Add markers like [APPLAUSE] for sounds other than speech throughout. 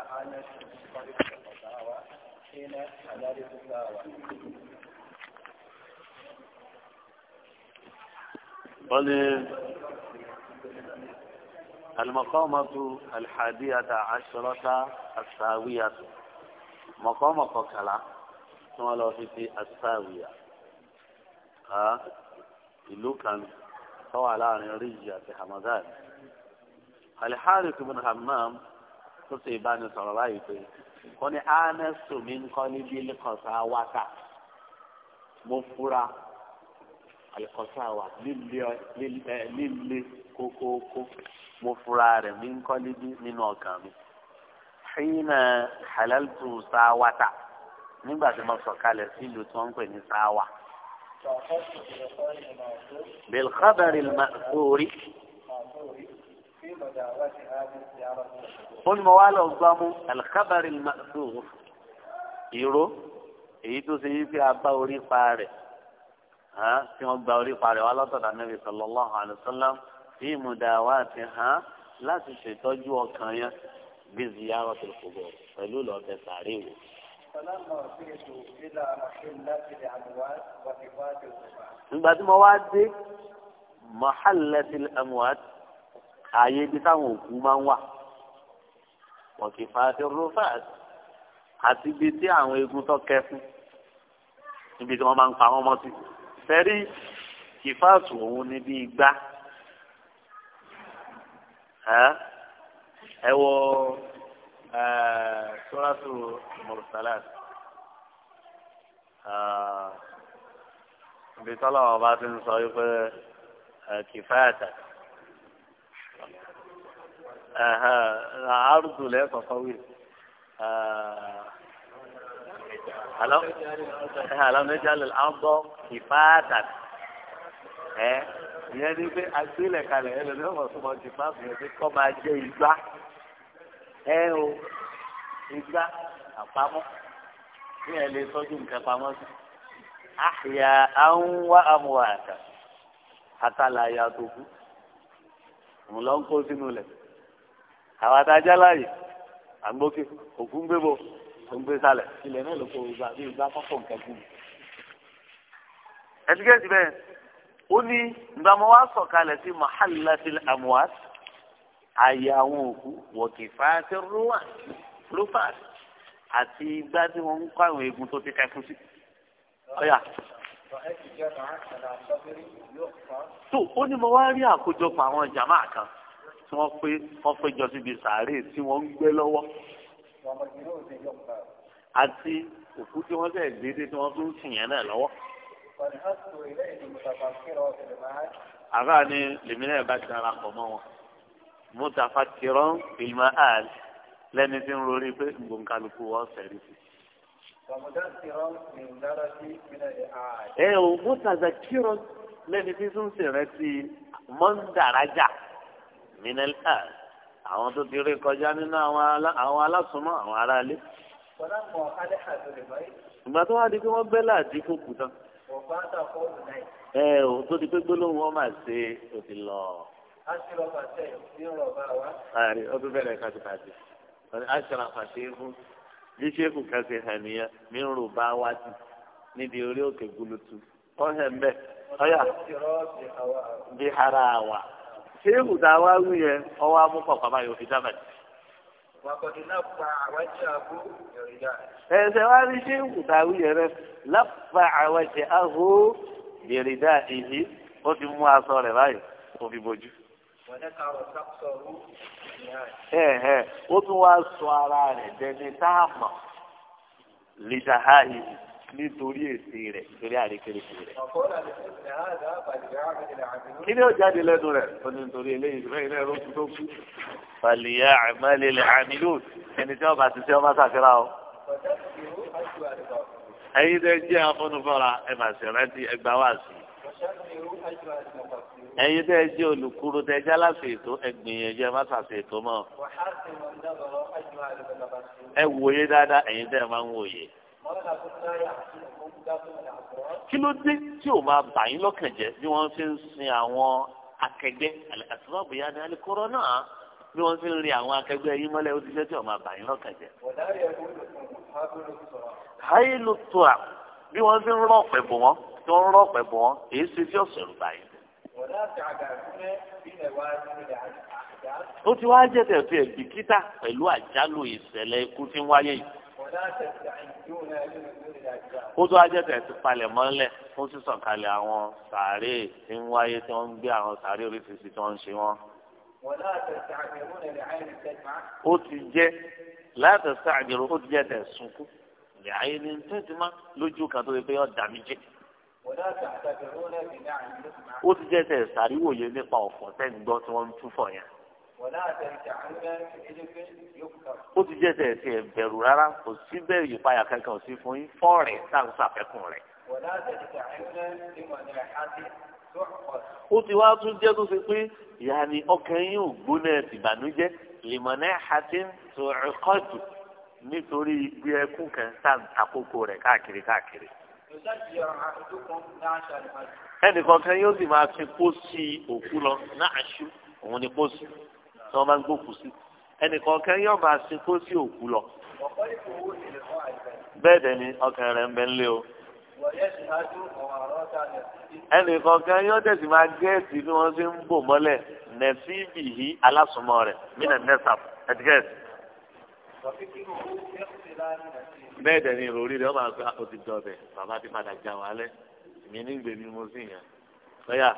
قال المقامة الحادية عشرة الساوية مقامة قكلا ثم لو في الساوية ها ìlú kan tó wà láàrin حمدان الحارث بن حمام tó ṣe ìbánisọ̀rọ̀ báyìí pé wọ́n ní ánẹ́sù mi ń kọ́ ní bílí kọ̀sá wáta mo fura àlùkọ́sá wa líle eh, kókóókó mo fura rẹ̀ mi ń kọ́ níbí nínú ọkàn mi. ṣìnà halaltu sáwátà nígbà tí mo sọ̀kalẹ̀ sílùú tí wọ́n pè ní sáwà. bilkhabari al-ma'thuri ó ní mo wá lọ gbọ́ mú alikabari masuhu ìró èyí tó ṣe yípe abá orí pa rẹ̀ tí wọ́n gba orí pa rẹ̀ wá látọ̀dá Nabi sallallahu alaihi wasallam fi mudawatiha láti ṣètọ́jú ọkàn yẹn bí ziyara tó kò bọ̀ pẹ̀lú lọ́tẹ̀ sàárè wò. nígbà tí mo wá dé mahallatil amwat ààyè ibi táwọn òkú máa ń wà wọ̀kìfà àti rufat àti ibi tí àwọn eegun tó kẹ fún níbi tí wọ́n máa ń pa wọ́n mọ́ sí fẹ́rí kìfáàtù òun ni bí igbá ẹ wọ sọ́ràtù mọ̀rùsálàt ibi tọ́lá wọn bá ti ń sọ wípé kìfáàtà àárùtù lẹ́ẹ̀kọ̀ọ̀kan wí. alamẹ́jálẹ̀ àbọ̀ ìfáàtà ẹ̀ ìyẹn ní pé agbélẹ̀ kalẹ̀ ẹ̀ lọ́dún ọ̀pọ̀ tó mọ̀ ti máa bẹ̀rẹ̀ pé kọ́ máa jẹ́ igbá ẹ̀ eh o igbá àpamọ́ ní ẹ̀ lè tọ́jú nǹkan pamọ́ sí. àyà àwọn wá amúhàtà àtàlàyà tó kú òun lọ ń kó sínú lẹ̀ àwọn adájá láàyè àgbókè òkú ń gbé bo ó ń gbé sálẹ̀ ilẹ̀ náà ló kó gbà bí gbà kọ́kọ́ nǹkan kù. ẹtíkẹ́tì bẹ́ẹ̀ ó ní ìgbàmọ wa sọ̀kalẹ̀ sí mahallati amuwas àyè àwọn òkú wọ̀kìfà ti rúwà rúfà àti igbá tí wọ́n ń kọ́ àwọn eegun tó ti kẹ́kùn sí tó ó ní mo wá rí àkójọpọ̀ àwọn jàmáà kan tí wọ́n pé wọ́n péjọ síbi sàárè tí wọ́n ń gbé lọ́wọ́ àti òkú tí wọ́n fẹ́ẹ́ gbé dé tí wọ́n tún sìn yẹn náà lọ́wọ́. àbá ni lèmi náà bá ti ara pọ̀ mọ́ wọn mo tàfa kìrọ́ ìmọ̀ àl lẹ́ni tí ń rorí pé nǹkan kálukú wọn sí i ẹ ò mùtàzà kírọ lẹni tí tún sì rẹ ti mọ́ndàrájà mìnẹ́lá àwọn tó ti rí kọjá nínú àwọn alásùnmọ́ àwọn aráalé. ìgbà tó wá di pé wọ́n bẹ́lẹ̀ àdínkù kù tán. ẹ ò tó di pé gbólóhùn wọn máa ṣe òdì lọ. aṣèrànfàṣẹ ní rọ̀bà wa. ọdún bẹ̀rẹ̀ kájúkájú aṣèrànfàṣẹ fún bí sẹ́kù kan ṣe hàn nìyẹn mi ń rò bá wá sí níbi orí òkè gulutu ọ hẹ̀ mbẹ́ ọ̀yà bí ara wa sẹ́kù tá a wá wí yẹn ọwọ́ amúkọ̀ pàmò yóò fi dábàá ẹsẹ̀ wá rí sẹ́kù tá a wí yẹn rẹ lápá àwọn ẹsẹ̀ ahó ìhí ó ti mú aṣọ rẹ̀ báyìí ó bójú. wọ́n ní ká ọ̀sán sọ̀rọ̀ ó tún wá sọ ara rẹ̀ dẹni tá a mọ̀ lìdáhàyè nítorí èsì rẹ̀ torí àrékérekè rẹ̀. kí ni ó jáde lẹ́nu rẹ̀ ó ní nítorí eléyìí bẹ́ẹ̀ náà ló tó kú. fàlìyà àmàlélẹ̀ àmìlú ẹni tí wọ́n bá ti ṣe ọmọ sàkírà o. ẹ̀yin tẹ́ jẹ́ afọ́nufọ́ra ẹ̀ máa ṣèrántí ẹgbàá wá sí i ẹ̀yin tẹ́ ẹ jẹ́ olùkúrú tẹ́ jẹ́ aláṣẹ ètò ẹgbìyànjú ẹ má ṣàṣẹ ètò mọ́. ẹ wòye dáadáa ẹ̀yin tẹ́ ẹ máa ń wòye. kí ló dé tí ò máa bà yín lọ́kàn jẹ́ bí wọ́n fi ń sin àwọn akẹgbẹ́ àtúbọ̀ bóyá ní alikóró náà bí wọ́n fi ń rin àwọn akẹgbẹ́ yín mọ́lẹ̀ ó ti jẹ́ tí ò máa bà yín lọ́kàn jẹ́. háyé bí wọ́n fi ń rọ̀ pẹ̀ bò wọ́n tí wọ́n rọ̀ pẹ̀ èyí ṣe tí ọ̀sẹ̀ rúbà yìí. ó ti wá jẹ́ tẹ̀ fi ẹ̀bì pẹ̀lú àjálù ìṣẹ̀lẹ̀ ikú tí ń wáyé yìí. ó tó wá jẹ́ tẹ̀ palẹ̀ mọ́lẹ̀ fún sísọ̀kalẹ̀ àwọn sàárè tí ń wáyé tí wọ́n ń gbé àwọn sàárè oríṣiríṣi tí wọ́n ń ṣe wọ́n. ó ti jẹ́ látọ̀ sáà ní ó ti jẹ́ tẹ̀ sunkún ó ti jẹ́ tẹ̀ sàríwòye nípa ọ̀fọ̀ tẹ́ ń gbọ́ tí wọ́n ń túfọ̀ yẹn. ó ti jẹ́ tẹ̀ sí ẹ̀bẹ̀rù rárá kò sí bẹ́ẹ̀ ìpayà kankan sí fún yín fọ́ rẹ̀ tá à ń sàfẹ́kùn rẹ̀. ó ti wá tún jẹ́ tó ṣe pé ìyáni ọkàn yín ò gbóná ìbànújẹ́ lèmọ̀nà àti tòrìkọ́tù nítorí ibi ẹkún kan tá à ń takókò rẹ̀ káàkiri káàkiri ẹnìkan kan yóò sì máa fi pósí òkú lọ náàṣù òun ni pósí tí wọ́n máa ń gbókù sí ẹnìkan kan yóò máa fi pósí òkú lọ. bẹ́ẹ̀ dẹ̀ ni ọkàn rẹ̀ ń bẹ nílé o. ẹnìkan kan yóò tẹ̀sí máa gẹ́ẹ̀tì bí wọ́n ṣe ń bò mọ́lẹ̀ nẹ̀fíìbì yìí alásùnmọ́ rẹ̀ mí nà nẹ́sàp ẹ̀dígẹ́ẹ̀tì bẹ́ẹ̀ dẹ̀ ni ìròrí rẹ̀ ọba àgbà ó ti dọ̀bẹ̀ bàbá ti padà já wa lẹ̀ èmi nígbè mi mo sì yàn. Bẹ́yà.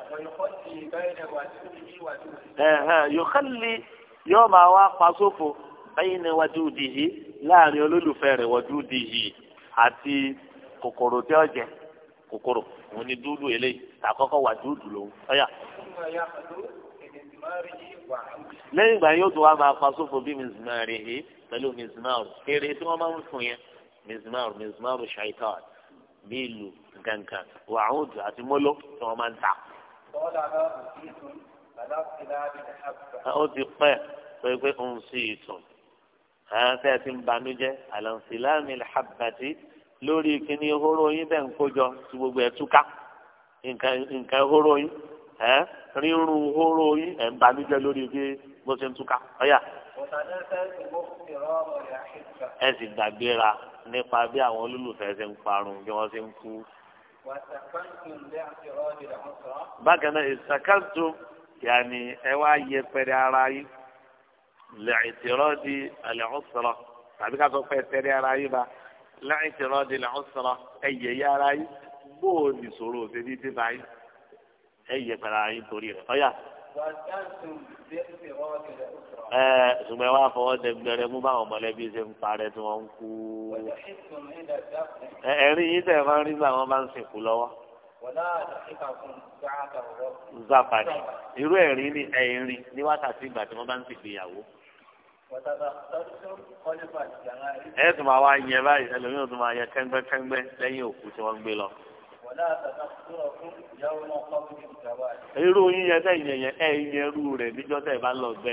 Yòókàlì yóò máa wá pasófo bẹ́yìn ni wájú dìhì láàrin olólùfẹ́ rẹ̀ wájú dìhì àti kòkòrò tí ó jẹ kòkòrò òun ni dúdú eléyìí tàkọ́kọ́ wájú dùn lòun. Bẹ́yà lẹ́yìn ìgbà yóò tún wá máa pa bí mi zùmọ̀ rè é pẹ̀lú mizmar eré tí wọ́n máa ń fún yẹn mizmar mizmar shaitan bíi ìlú gangan wàhùn àti mọ́lọ́ tí wọ́n máa ń ta. ó ti pẹ́ pé pé òun sì ìtàn àwọn tẹ́ ẹ ti ń banújẹ́ àlàǹsíláàmì làbàtì lórí kíní ehoro yín bẹ́ẹ̀ ń kójọ tí gbogbo ẹ̀ túká nǹkan ehoro yín rírun ehoro yín ẹ̀ ń banújẹ́ lórí bí bó ṣe ń túká ẹ sì gbàgbéra nípa bí àwọn olólùfẹ́ ṣe ń parun bí wọ́n ṣe ń kú. bákan náà ìsàkántó yàní ẹ wá yẹpẹrẹ ara yín lẹ́ẹ̀tìrọ́dì àlẹ́hùsọ̀rọ̀ tàbí ká sọ pé tẹ́lẹ̀ ara yín ba lẹ́ẹ̀tìrọ́dì àlẹ́hùsọ̀rọ̀ ẹ yẹ̀yẹ́ ara yín bóò nìṣòro òṣèlú dé báyìí ẹ yẹpẹrẹ ara yín torí rẹ̀ ọ̀yà ẹ ṣùgbọ́n wàá fọwọ́ dẹgbẹrẹ mú báwọn mọ̀lẹ́bí ṣe ń parẹ́ tí wọ́n ń kú. ẹ̀rín yìí tẹ̀ máa ń rí bí àwọn máa ń sìnkú lọ́wọ́. zapani irú ẹ̀rín ni ẹ̀rín ní wákàtí ìgbà tí wọ́n bá ń sìnkú ìyàwó. ẹ tún máa wá yẹ báyìí ẹlòmíràn tún máa yẹ kẹ́ńgbẹ́kẹ́ńgbẹ́ lẹ́yìn òkú tí wọ́n gbé lọ irú yín yẹn tẹ yẹn yẹn ẹ yẹn irú rẹ níjọ́ tẹ bá lọ gbẹ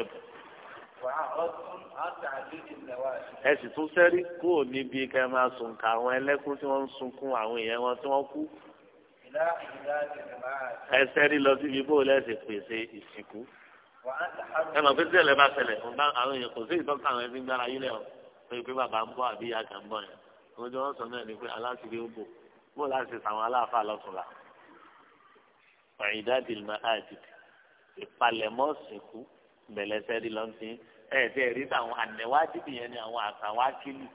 ẹ sì tún sẹ́rí kúrò níbi kẹ́ máa sùn ká àwọn ẹlẹ́kùn tí wọ́n ń sunkún àwọn èèyàn wọn tí wọ́n kú. ẹ sẹ́rí lọ síbi bó lẹ́sẹ̀ pèsè ìsìnkú. ẹ mọ̀ pé tí ẹ̀lẹ́ bá ṣẹlẹ̀ àwọn èèyàn kò sí ìtọ́ka àwọn ẹbí gbára yílẹ̀ o pé pé bàbá ń bọ̀ àbí ìyá kan ń bọ̀ yẹn. ọjọ́ wọn sọ náà ni pé aláṣìírí ó bò mo là ń ṣe sàwọn aláàfáà lọ́túnla ọ̀yìndàdì mahajid ìpalẹ̀mọ́ sìnkú bẹ̀lẹ́sẹ̀ rí lọ́ntì ẹ̀ tí ẹ̀rí táwọn ànẹ́wádìí yẹn ni àwọn àtàwákìlì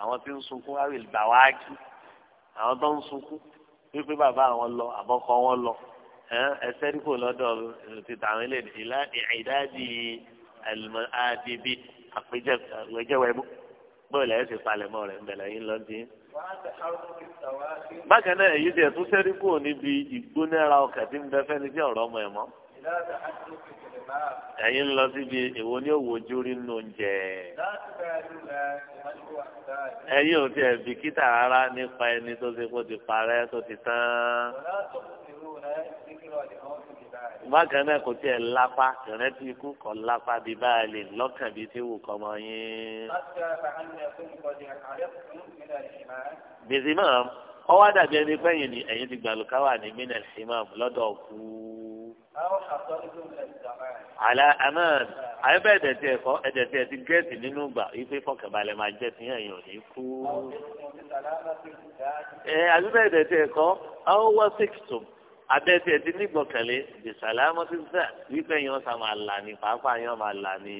àwọn tí ń sunkún àwìl bàwákì àwọn tó ń sunkún wípé bàbá àwọn lọ àbọ̀kọ wọn lọ ẹsẹ̀ rí kò lọ́dọ̀ ti tàwọn ilé ìlà ìdádi àdìbí àpéjẹwẹ̀bú bóyá ẹ̀ sì palẹ̀mọ́ rẹ̀ ń bẹ̀lẹ̀ bákan náà èyí tẹ̀ tún sẹ́rí kúrò níbi ìgbónára ọkà tí ń bẹ fẹ́ni tí ọ̀rọ̀ ọmọ ẹ̀ mọ́. ẹ̀yin lọ síbi èwo ni òwò jórí nù jẹ́. ẹ̀yin ò tiẹ̀ bìkítà rárá nípa ẹni tó ṣe kó ti parẹ́ tó ti tán bákan náà kò tiẹ̀ lápá ìrántí ikú kọ̀ lápá bíi báyìí lọ́kàn bíi tí wù kọ́ mọ́ yín. bèsì máa ọ wá dàbí ẹni pẹ́yìn ni ẹ̀yin ti gbàlùkà wà ní minel simam lọ́dọ̀ kú. àlà aman àyẹ̀bẹ̀ ẹ̀dẹ̀ tiẹ̀ kọ́ ẹ̀dẹ̀ tiẹ̀ ti gẹ́ẹ̀tì nínú gbà ife fọkànbalẹ̀ máa jẹ́ ti yàn yàn ní kú. ẹ̀ àyẹ̀bẹ̀ ẹ̀dẹ̀ tiẹ̀ kọ́ àwọn wọ́n sèkìtùm abẹ́tẹ̀ ti nígbọ̀kẹ̀lé bisalaamu ti sẹ́ wípé yẹn ọ̀sán máa là ní pàápàá yẹn máa là ní.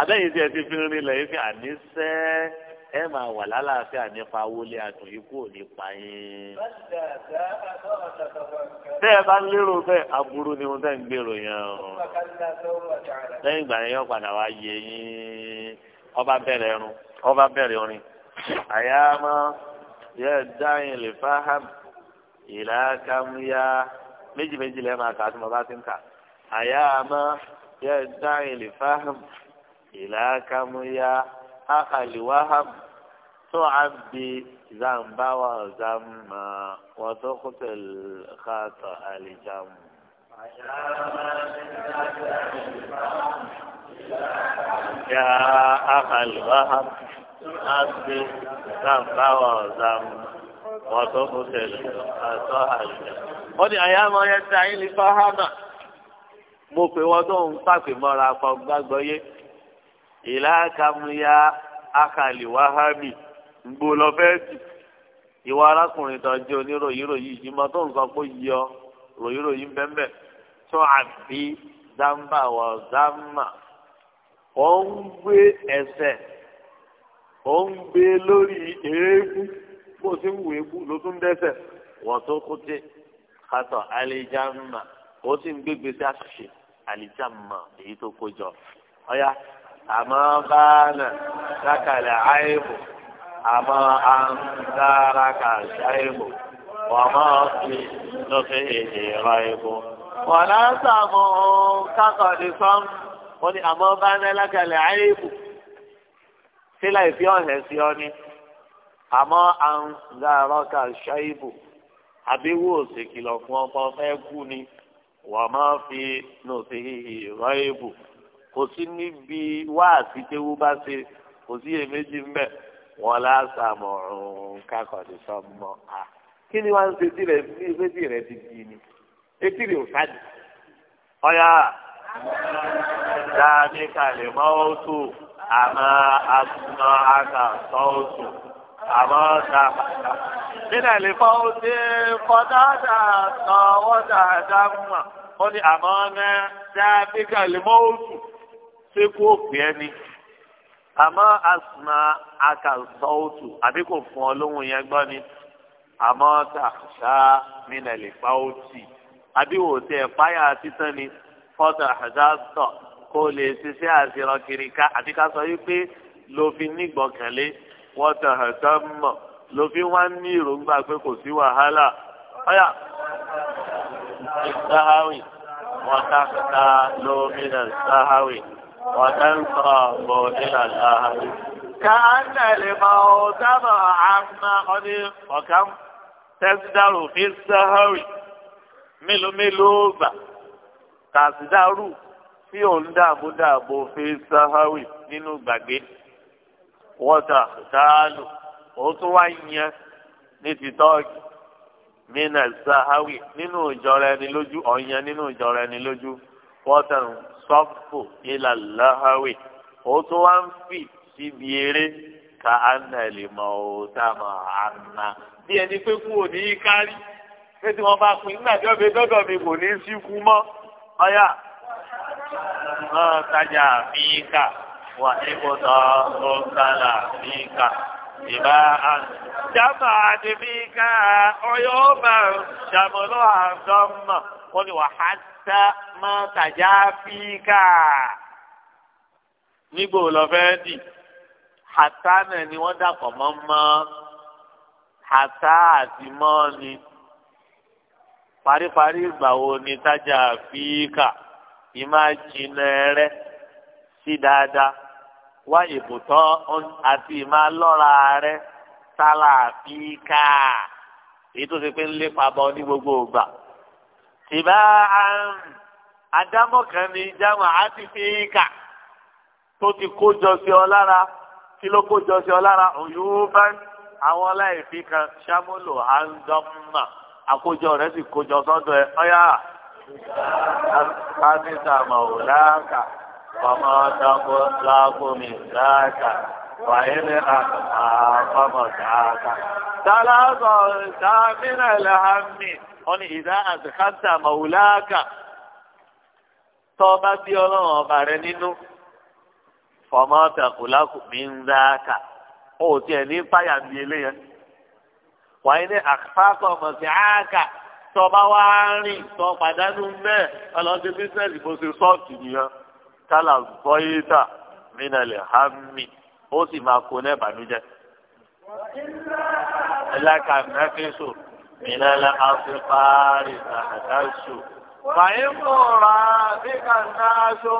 abẹ́yìn tí ẹ ti fi rinlẹ̀ yìí fi àní sẹ́ ẹ máa wà lálàáfíà nípa wọlé àdùn ikú ò ní pa yín. bẹ́ ẹ bá lérò bẹ́ẹ̀ aburú ni mo fẹ́ ń gbèrò yẹn o. lẹ́yìn ìgbà yẹn yóò padà wá yé yín ọba bẹ̀rẹ̀ ẹrun ọba bẹ̀rẹ̀ orin àyà máa. يدعي لفهم إلى كم يا مجي مجي لما كاتم باتن كا أياما يدعي لفهم إلى كم يا أخا الوهم تعبي ذنب وذم وتقتل خطأ الجم يا أخا الوهم asbe zambawa zam wato mutel ato halja ó ní àyà máa yẹ ti àyè ní fáhámà mo pè wọn tó ń pàpè mọ́ra pa gbàgbọ́ yé ìlà kàmúyà akàlì wàhámì ń gbó lọ fẹ́ẹ́ tì ìwà arákùnrin tó jẹ́ oníròyìn ròyìn ìmọ̀ tó ń sọ pé yọ ròyìn ròyìn bẹ́ẹ̀ tó àbí dáńbà wọ dáńmà wọ́n ń gbé ẹsẹ̀ ó ń gbé lórí eégún bó ti ń wù eégún ló tún dẹ́sẹ̀ wọ́n tó kó tẹ́ kátọ̀ alìjáàmà ó sì ń gbégbé sí àṣìṣe alìjáàmà èyí tó kó jọ ọ̀yá àmọ́ báànà lákàlẹ̀ àìbò àmọ́ àǹtáraka ṣàìbò wọ́n máa fi lọ́fẹ́ èdè rọ ìbò. wọ́n lásàmù kákọ̀ọ́dì sọ́n ó ní àmọ́ báànà lákàlẹ̀ àìbò sílá ìfi ọ̀hẹ̀ sí ọ ni àmọ́ àǹzàrọ́kà ṣáìbù àbíwò òsèkìlọ̀ fún ọmọ fẹ́ kú ni wàá máa fi nùtí ìrọ̀ ìbù kò sí níbi wáàsí tẹ́wú bá ṣe kò sí èméjì mbẹ wọn lásàmọ̀ ọ̀hún kákọ̀dé sọmọ a kí ni wọ́n ṣe tí rẹ̀ ní ìfẹ́tì rẹ̀ ti di ni etí rẹ̀ ò sáàdì ọ̀yà dáa ní kalẹ̀ mọ́tò àmọ́ àtúnná àkà sọ́ọ̀tù àmọ́ ta nílẹ̀ lè fọ́ ó dé fọ́dáàdà sọ́wọ́ dáadáa mọ̀ ó ní àmọ́ náà dáadéka lè mọ́ òtù ṣé kó pè é ni àmọ́ àtúnná àkà sọ́ọ̀tù àbí kò fún ọ lóhùn yẹn gbọ́ ni àmọ́ ta ṣá nílẹ̀ lè fọ́ ó tì àbí wò ó ẹ̀ páyà títàn ni fọ́tà àdá kó o lè ṣiṣẹ́ àṣírọ kiri ká àti ká sọ wípé ló fi nígbọ̀kànlé wọ́n tàn án tán mọ̀ ló fi wá ní ìròǹgbà pé kò sí wàhálà ọ̀yà ìsáháwì wọ́n tàkàtà lómìnà ìsáháwì wọ́n tẹ́ǹtọ̀ bọ̀ nínà ìsáháwì. كأن الموت عما قد وكم تزدر في السهو ملو ملوبة تزدر tí òun dààbò dààbò fi sáháwì nínú gbàgbé wọ́tà táàlù òun tún wá yẹn ní ti tọ́ọ̀gì mina sáháwì nínú ìjọra ẹni lójú ọ̀yàn nínú ìjọra ẹni lójú wọ́tà sọ́fù ilà láháwì òun tún wá ń fì síbi eré ka anna lè mọ òòtà mọ àná bí ẹni pé kú òní kárí pé tí wọ́n bá pin nígbà tí wọ́n fi dọ́dọ̀ mi kò ní í síkú mọ́ ọ̀yà ọ̀tajà fíkà wà níbùdó ọ̀tàlà fíkà ìbá àjàmà àti fíkà ọyọ́ bá jàmọ́lọ́ àgọ́mọ̀ wọ́n ni wà á dá mọ́tajà fíkà nígbò lọ́fẹ́ dì hàtá náà ni wọ́n dàpọ̀ mọ́ mọ́ hàtá àti mọ́ ni paríparí ìgbà wo ni tájà fíkà ìmáa jìnnà rẹ sí dáadáa wá ìbùtọ́ àti ìmáa lọ́ra rẹ sálà fíkà èyí tó ṣe pé ń lépa bọ ní gbogbo ògbà. tìbá àdámọ̀kan ni jáma àti fíkà tó ti kó jọ sí ọ lára kí ló kó jọ sí ọ lára òyìnbó bá àwọn aláìfi kan ṣàmúlò àńdọ́mà àkójọ rẹ sì kójọ sọ́dọ̀ ẹ ọ́yà. حفظ مولاك وما تطلق من ذاك وإن أخاف مدعاك تلاقيت من الهم قل إذا أدخلت مولاك tọba bí ọlọ́run ọba rẹ nínú fọmọ tẹkùlákù mi ń dáàkà ó tiẹ̀ ní fàyà bíi eléyẹn wàá ní àkàtà ọmọ sí àákà tọba wá rìn tọ pàdánù bẹ́ẹ̀ ọlọ́dẹ bísíǹsì bó ṣe sọ́ọ̀tì nìyẹn kálá bọ́yìíta mínàlẹ̀ hàmì ó sì máa kó náà bànújẹ́. ẹlẹ́ka mẹ́fíṣù mínàlẹ̀ àfipárì àdáṣù. fàyínbó ra bí kàńtà aṣọ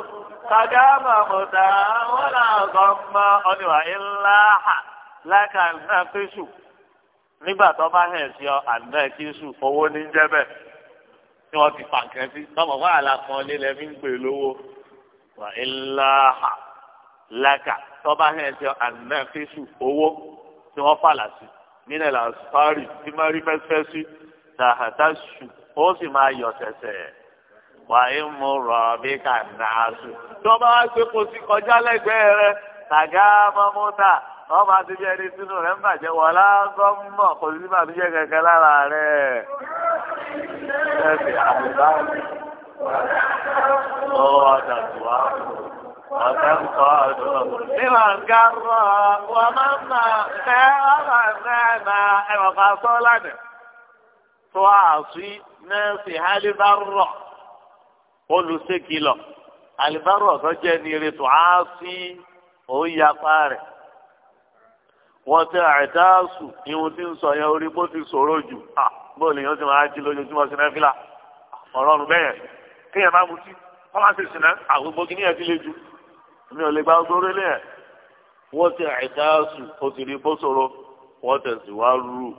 kàdáàmà mọ̀tà wọn làgọ́ mọ́ ọ̀nìwà ńlá hà lẹ́ka mẹ́fíṣù nígbà tó bá hẹ̀ sí ọ àná kíṣù owó ní jẹ́bẹ̀ tí wọ́n ti pàǹkẹ́ sí tọmọ wà lákan lílẹ̀ fi ń pè lówó wà ìlàhà làkà tó bá hẹ̀ sí ọ àná kíṣù owó tí wọ́n fàlà sí nílẹ̀ làásùpárì tí má rí fẹ́fẹ́ sí tàhátà ṣù ó sì máa yọ sẹ̀sẹ̀ wà ìmú rọ̀bì kà náà sùn. tó bá wá gbé kó sí kọjá lẹ́gbẹ̀ẹ́ rẹ tàgá mọ́mọ́ta. wọ́n máa ti bí ẹni sínú rẹ̀ ń bàjẹ́ wọ́n lágọ́mọ̀ kò sí máa ti jẹ́ kẹ̀kẹ́ lára rẹ̀. ẹ̀sìn àbùbá ọwọ́ ọ̀dà tó wá ọ̀dà ń kọ́ ọ̀dọ́. ga rọ̀ wọ́n máa ń mọ̀ ọ̀rọ̀ na sọ́ lánàá. tó nẹ́ẹ̀sì tó jẹ́ ní tó wọ́n tẹ àìtáàsù ihun tí ń sọ yẹn orí bó ti sọ̀rọ̀ jù à bóòlù yẹn ti máa jí lójoojúmọ́ sí náfìlà ọ̀rọ̀ ọ̀run bẹ́ẹ̀ kéèyàn bá mutí wọ́n máa ti sìnà àgbègbè kí níyẹn ti le jù mi ò lè gba ọgbọ́n orílẹ̀ yẹn wọ́n tẹ àìtáàsù ó ti rí bó sọ̀rọ̀ wọ́n tẹ̀ sí wá rú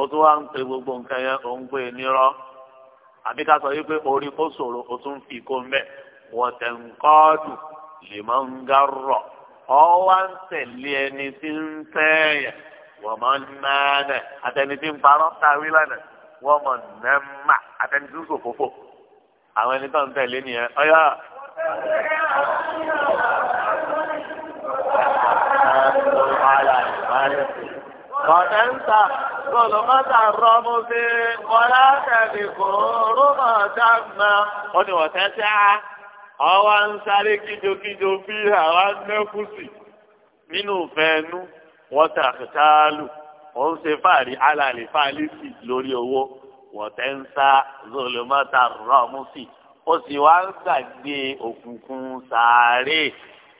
ó tún wá ń pe gbogbo nǹkan yẹn ó ń pè nírọ́ àbí ká sọ yìí pé orí bó sọ̀rọ̀ ó tún fi kó ń bẹ̀ wọ́n tẹ̀ ń kọ́ọ̀dù lè máa ń gárọ̀ ọwọ́ ń tẹ̀lé ẹni tí ń tẹ̀yẹ̀ wọ́n mọ̀ nánà àtẹni tí ń parọ́ káwí lánà wọ́n mọ̀ nẹ́mà àtẹni tí ń sòfófò àwọn ẹni tó ń tẹ̀lé nìyẹn ọ̀yà. Kọ̀tẹ́ńtà olùmọ́tà rọ́mú sí kọ́lá tẹ̀lé kòóró mọ̀ dáná. Ó ní wọ́n tẹ́ sí á àwa ń sáré kíjokíjo bí àwa nẹ́kùsì nínú fẹ́ẹ́nú wọ́tà kìtàlù ó ń ṣe fàárí alàlè fàálìsì lórí owó wọ́tẹ́ ń sá zolomọ́ta rọ́ọ̀mùsì ó sì wá ń gbàgbé òkùnkùn sàárè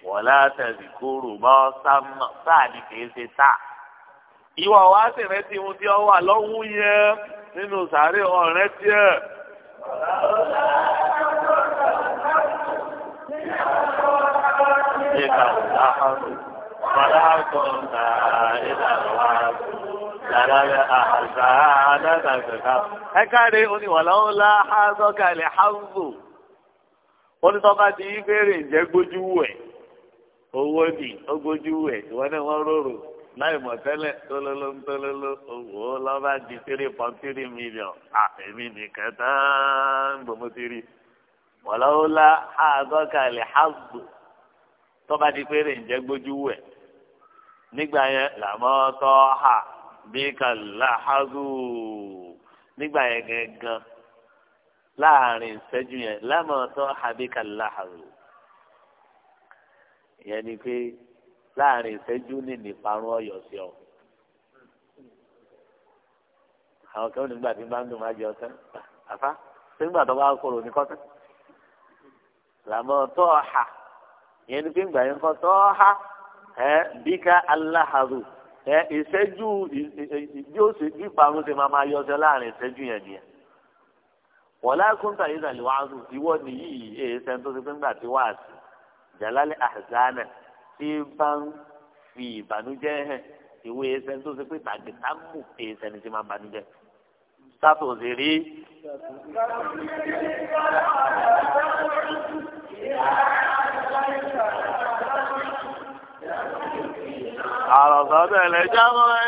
wọ́lá tẹ̀síkúrò bọ́ sámà sáàdì kìí ṣe tà. ìwà wa sì rántí ohun tí ó wà lọ́wọ́ yẹn nínú sàárè ọ̀rẹ́ tiẹ̀. الحمد ولا كنت إذا الوعد لقد أحسانتك هكذا يقول ولولا حظك لحظ wọ́n ní tọ́ka ti yí fèrè ǹjẹ́ gbójú wẹ̀ owó ó gbójú wẹ̀ wọ́n láì mọ̀ tẹ́lẹ̀ owó di tọ́ba di pé rè ń jẹ́ gbójú wẹ̀ nígbà yẹn làmọ́ tọ́ ha bí kàláhàzù nígbà yẹn gẹ́gẹ́ láàrin ìṣẹ́jú yẹn lámọ́ tọ́ ha bí kàláhàzù ìyẹn ni pé láàrin ìṣẹ́jú ní nìparun ọ̀yọ̀ sí ọ. àwọn kan nígbà tí bá ń dùn máa jẹ ọtán àfa nígbà tó bá kóró ní kọ́tán làmọ́ tọ́ ha ìyẹn ní pé ìgbà yẹn kọ́ tọ́ha ẹ bíkà aláhàrù ẹ ìṣẹ́jú yóò ṣe bí parun ṣe máa máa yọjọ láàrin ìṣẹ́jú yẹn nìyẹn wọ́n lákùntà yìí nàlẹ́ wàá sùn ìwọ nìyí èyí sẹ́ni tó ṣe pé ńgbà tí wàá sí jàlálẹ̀ àzánà tí bá ń fi ìbànújẹ́ hàn ìwé ẹsẹ̀ tó ṣe pé tàgbé tá mú ẹsẹ̀ ní ti máa banújẹ́ sáfò sì rí. ìyá àròsọ tẹlẹ jáwọ ẹ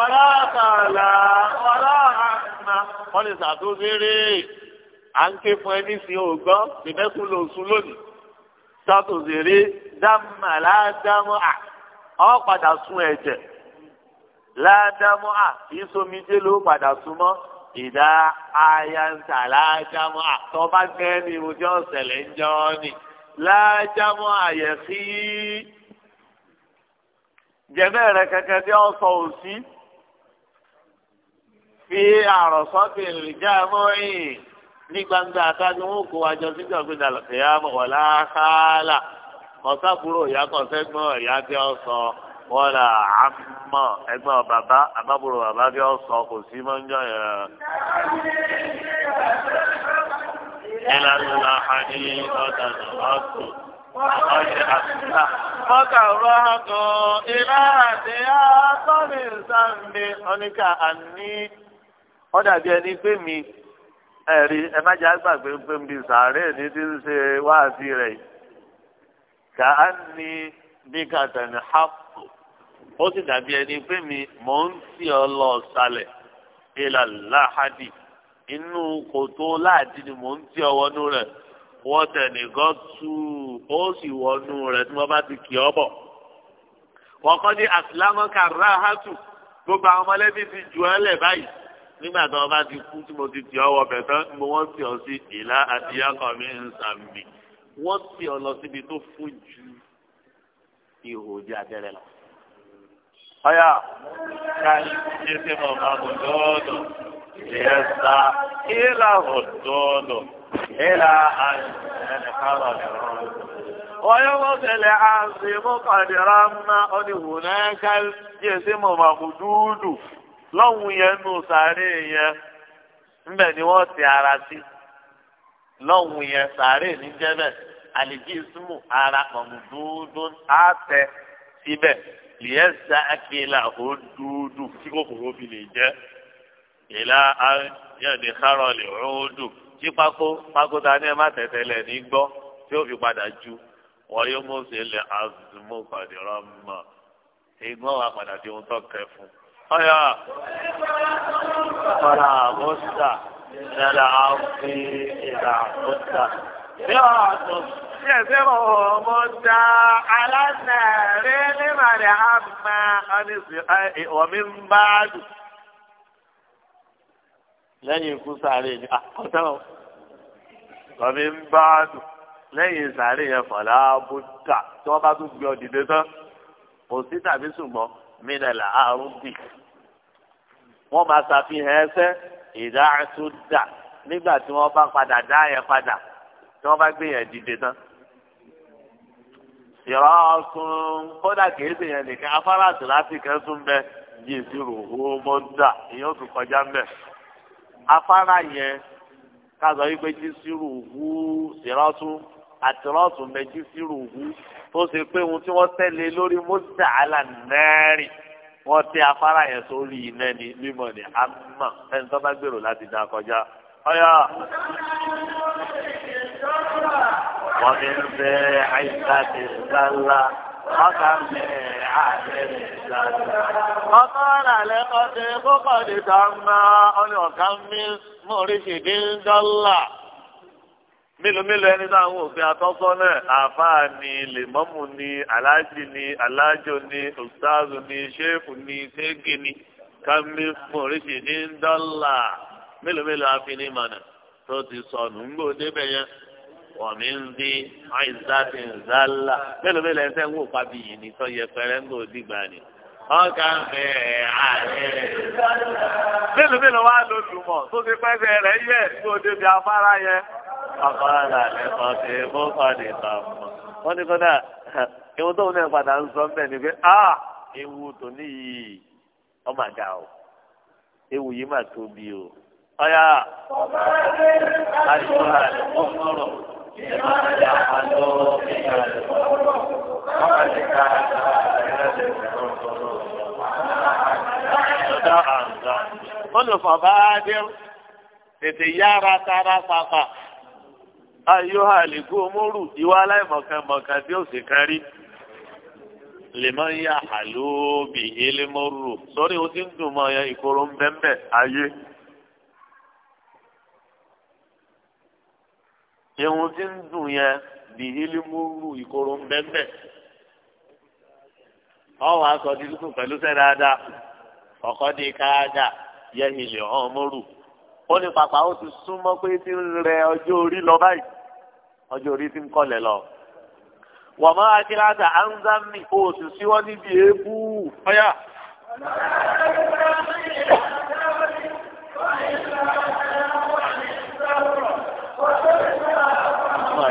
ọlá àtàlà ọlá àmà wọn lè ṣàtúnṣeré à ń ké fún ẹni sí ògbọ́n tìmẹ́kùn lòsù lónìí ṣàtúnṣeré dáàmà ládàmú à ọ padà sun ẹ̀jẹ̀ ládàmú à ìsomidzé ló padà sun mọ́ ìdá ayáǹtà ládàmú à tọ́ bá gẹ́ ni ojú ọ̀sẹ̀ lẹ́jọ́ ni lájámọ́ àyẹ̀fí jẹ́bẹ́ rẹ kẹ̀kẹ́ tí ó sọ òsì fi àròsọ́ ti rìn jáàmọ́ yìí ní gbangba àtàkì wọn kó àjọ síjọ pé dàlùkìyà wọ̀ láhàlà kọ̀sáfúrò ìyá kọ̀sẹ́gbọ́n ìyá tí ó sọ wọ́n là á mọ̀ bàbá àbábòrò bàbá tí ó sọ kò sí mọ́jọ́ yẹn. إلى الحديقة الأصل وقد أفلح فكرهت إلى سياق الذنب وكأني ọdà bíi ẹni pé mi ẹ̀rí ẹ má jẹ́ àgbàgbé pé mi sàárẹ̀ ní ti ń ṣe wáàsí rẹ̀ kà á ní bí kàtàní hàpù ó sì dàbí ẹni pé mi mò ń tì ọ lọ sálẹ̀ ìlà inú kòtò láti ni mò ń tí ọ wọnú rẹ̀ wọ́n tẹ̀lé gan tú ó sì wọnú rẹ̀ tí wọ́n bá ti kì ọ́ bọ̀. wọ́n kọ́ ní asilámọ́kà ráhátù gbogbo àwọn mọ̀lẹ́bí ti jù ẹ́ lẹ̀ báyìí nígbà tí wọ́n bá ti kú tí mo ti tì ọ́ wọ bẹ̀tán ni mo wọ́n tì ọ́ sí ìlà àdìyàkọ̀ mi ń sàmì wọ́n tì ọ́ lọ síbi tó fún ju ihò ojú abẹ́rẹ́ lọ. ọ̀yà ká ṣe é ṣe mọ̀ máa bọ̀ lẹ́sà ìlà òdòdó ìlà àìsàn ويوم العاصم قد رمى أن هناك الجسم مخدود lọ́hùn yẹn nù sàárè yẹn ńbẹ ni wọ́n ti ara sí lọ́hùn yẹn sàárè níjẹ́bẹ̀ àlìjísùmù ara ọ̀mùdúdú àtẹ síbẹ̀ lìyẹ́sà àkìlà ó dúdú tí kòkòrò fi ìlà yẹ̀dì kárọ̀lì ròódù tí pákó pákó ta ní ẹ má tẹ̀tẹ̀ lẹ̀ ní gbọ́ tí ó fi padà ju wọ́n yóò mú sí ilẹ̀ azùmọ̀ pàdé rọ́mọ̀ ìgbọ́n wa padà di ohun tó kẹ fún. ọ̀yà ọ̀rọ̀ àmúṣà ìṣẹ̀lẹ̀ àfi ìlà àmúṣà. bí ọ̀tún bí ẹ̀sẹ̀ ọmọ dá aláṣẹ rẹ̀ nígbà rẹ̀ á máa ọ́nìsì ọ̀mí ń bá dùn lẹ́yìn ikú sáré ni àkọ́tẹ́ ah, o lọ́mí ń bá a dùn lẹ́yìn sáré yẹn fọ̀lá bùtà tí wọ́n bá tún gbé ọ dìde tán kò sí tàbí ṣùgbọ́n mílẹ̀lá àrùn bì wọ́n máa ṣàfihàn ẹsẹ̀ ìdá tó dà nígbà tí wọ́n bá padà dá yẹn padà tí wọ́n bá gbé yẹn dìde tán ìrọ̀tún kódà kìí ṣe yẹn nìkan afárá àtìláfíkẹ́ tún bẹ yìí sí rògbòmọ́dà ìyẹn ó tún kọjá mbẹ́ afárá yẹn kazọ yìí pé jísírù hu sírọ́tù àtìrọ́tù mẹ jísírù hu tó ṣe pé ohun tí wọ́n tẹ̀lé lórí mọ́tà alánẹ́rì wọ́n tẹ afárá yẹn sórí iná ni mímọ́ ni àmọ́ ẹni tó bá gbèrò láti dá kọjá ọ̀yà. wọ́n ti ń bẹ àìsàn ti sálá. ọkà mẹ́rẹ̀ àtẹ́rẹ̀ ìdájọ́. ọkọ̀ àlẹ́ ọdẹ kókò ẹni náà wò náà ni lèmọ́mù ni aláàjì ni aláàjò ni ni ṣéèfù ni ṣéègì ni kámi mú oríṣiríṣi ń dọ́là. mélòó mélòó afinimọ̀nà tó ti sọnù ń gbòdébẹ̀ yẹn. wọ̀mí ń bí àìsá ti ń zálà mélòó mélòó ẹsẹ̀ ń wò pàbí yìí ní sọ yẹpẹrẹ ń lò dìgbà ni. ọkà ń bẹ ààrẹ. mélòó mélòó wá ló lùmọ̀ tó ti pẹ́sẹ̀ rẹ̀ yẹ tó débi afárá yẹn. afárá lẹ́kọ̀ọ́ ti mú kọ́ni bàmọ́. wọ́n ní kọ́dà ewu tóun náà padà ń sọ bẹ́ẹ̀ ni pé a ah, ewu tòní yìí ọmọ àga o ewu yìí mà tóbi o. ọ̀yà àdìsọ́ra ọ̀rọ̀. لماذا قالوا فيك الحر وقد كان قل فبادر تتيارة ترى فقط ayọ́hà lè kó mọ́rù ìwà aláìmọ̀kànmọ̀kàn tí ó sì kárí lèmọ́ yá àlóbì elémọ́rù sọ́rí o ti ń dùn mọ́ ọ̀yàn ìkoro ń bẹ́ńbẹ́ ayé irun tí ń dùn yẹn bí ilimuru ìkorò ń bẹ́ẹ̀ ọwọ́ aṣọ dídùn pẹ̀lú sẹ́ dáadáa ọ̀kọ́ di káàdà yẹ ilẹ̀ ọ̀hún mọ́rù ó ní pàpà ó ti súnmọ́ pé tí ń rẹ ọjọ́ orí lọ báyìí ọjọ́ orí ti ń kọlẹ̀ lọ. wọ́n máa kíláàsà anzami oṣù síwọ́ níbi èébú ọ̀yà. ọ̀nà àti ìgbà mi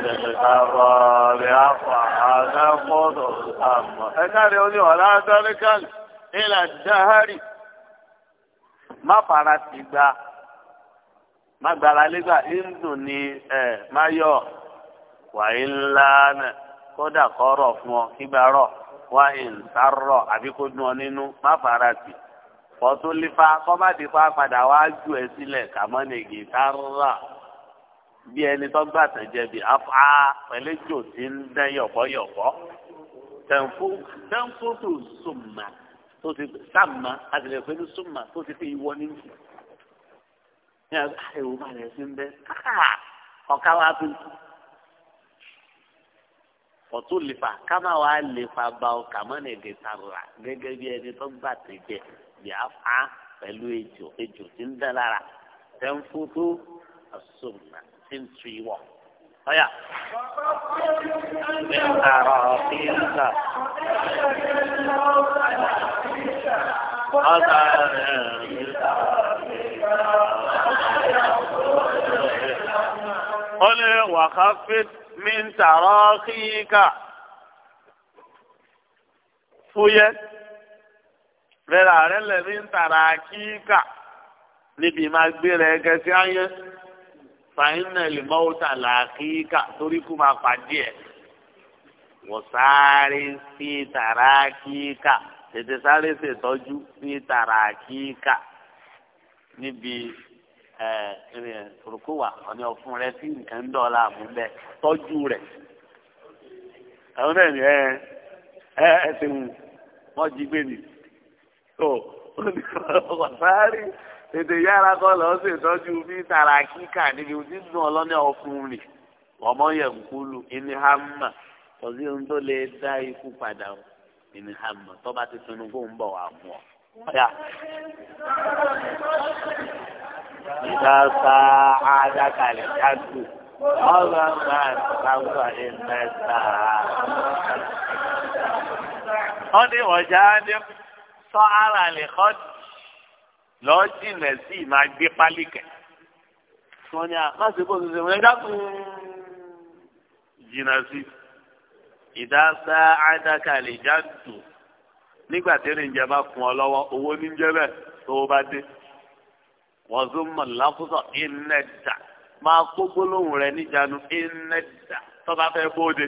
ìtàbọ̀lẹ̀ àpàdàpọ̀dọ̀ àmọ̀. Ẹ káàrí oníwà látọ́ríkàlì ìlà jáhárì. Má fara ti gba, má gbára légbà, Hindu ni ẹ̀ má yọ̀, wà ń lánà, kódà kọ́rọ̀ fún ọ, kígbà rọ̀, wà ń sárọ̀, àbí kó dùn ọ nínú, má fara ti fọ́tún lífa kọ́mádìfá padà wá ju ẹ sílẹ̀ kàmọ́nìgì sárọ̀ bí ẹni tó gbà tẹ̀ jẹ́ bí afá pẹ̀lẹ́jọ tí ń dán yọ̀kọ́yọ̀kọ́ tẹ̀ǹfù tẹ̀ǹfù tó sùnmà tó ti sàmà àtìlẹ̀ pẹ̀lú sùnmà tó ti fi ìwọ ní ìlú. ní àgbáyéwò máa rẹ̀ sí ń bẹ́ ọ̀ká wa tó ọ̀tún lèfà kámá wa lèfà ba ọkà mọ́nà èdè tààrà gẹ́gẹ́ bí ẹni tó gbà tẹ̀ jẹ́ bí afá pẹ̀lú ejò ejò tí ń dán lára tẹ̀ǹfù tó sùnmà tí ń tu ìwọ. ọ̀yà. mi àrà ọ̀sìn ìlà. ọ̀sà rẹ̀ ìlà. ó lè wàhálà fit mi ń tàrọ́ kíkà fúyẹ́ rẹ̀ rà rẹ̀ lẹ́ni ń tàrà kíkà níbi máa gbé rẹ̀ gẹ̀ẹ́sì ayé fàyínà lè mọ́wútà làákìíkà torí kú máa pàdé ẹ̀ wọ́n sáré sí tàràkìíkà tètè sáré ṣètọ́jú sí tàràkìíkà níbi rùkúwà ọ̀nà ọ̀fun rẹ sí nǹkan ń dọ̀la àmúlẹ̀ tọ́jú rẹ̀ àwọn náà ní ẹ ẹ ẹ ṣeun wọ́n jí gbé mi tó [LAUGHS] wọ́n sáré ètò yàrá kan lọ sí ìtọ́jú bí tara kíkà níbi tí dùn ọlọ́ní ọkùnrin ọmọ yẹn kúlù ìní hàmà tọ́sí ohun tó lè dá ikú padà ìní hàmà tọ́ba ti pinnu kó ń bọ̀ wá mú ọ. إذا ساعدك الحد ظلما فهو إن الساعة قد وجانب صعر لخد lọ́ọ́ jìnà sí máa gbé pálí kẹ̀. wọ́n ní àmásí kò ṣe wọ́n ẹ̀dá kún jìnà sí. ìdásá àdàkà lè já dùn nígbà tí ẹni ìjẹba kún ọ lọ́wọ́ owó ní ń jẹ́ bẹ́ẹ̀ tó o bá dé. wọ́n tún mọ̀ láfúsọ̀ ìnẹ́dà máa kó gbólóhùn rẹ̀ níjànú ìnẹ́dà tọ́ba fẹ́ bóde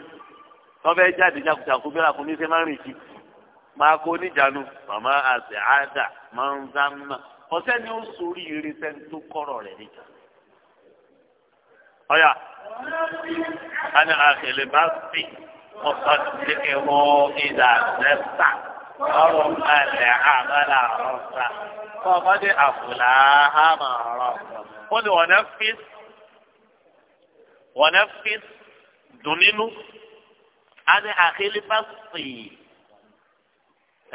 tọ́fẹ́ jáde jakujaku bí làkúnmí ṣe máa rìn kí máa kó níjànú màmá àti àdà máa ń zánmà ọ̀sẹ́ni ó sórí irinṣẹ́ tó kọ́rọ̀ rẹ̀ níjà. ọ̀yà àni àkèlè bá fi ọ̀sán tẹ̀kẹ̀ wọ ìdá mẹ́ta ọ̀rọ̀ ẹ̀lẹ́ àmàlà ọ̀sà ọmọdé àfùlà àmà ọ̀rọ̀ ó ní wọ́n fi wọ́n fi dùn nínú àni àkèlè bá fi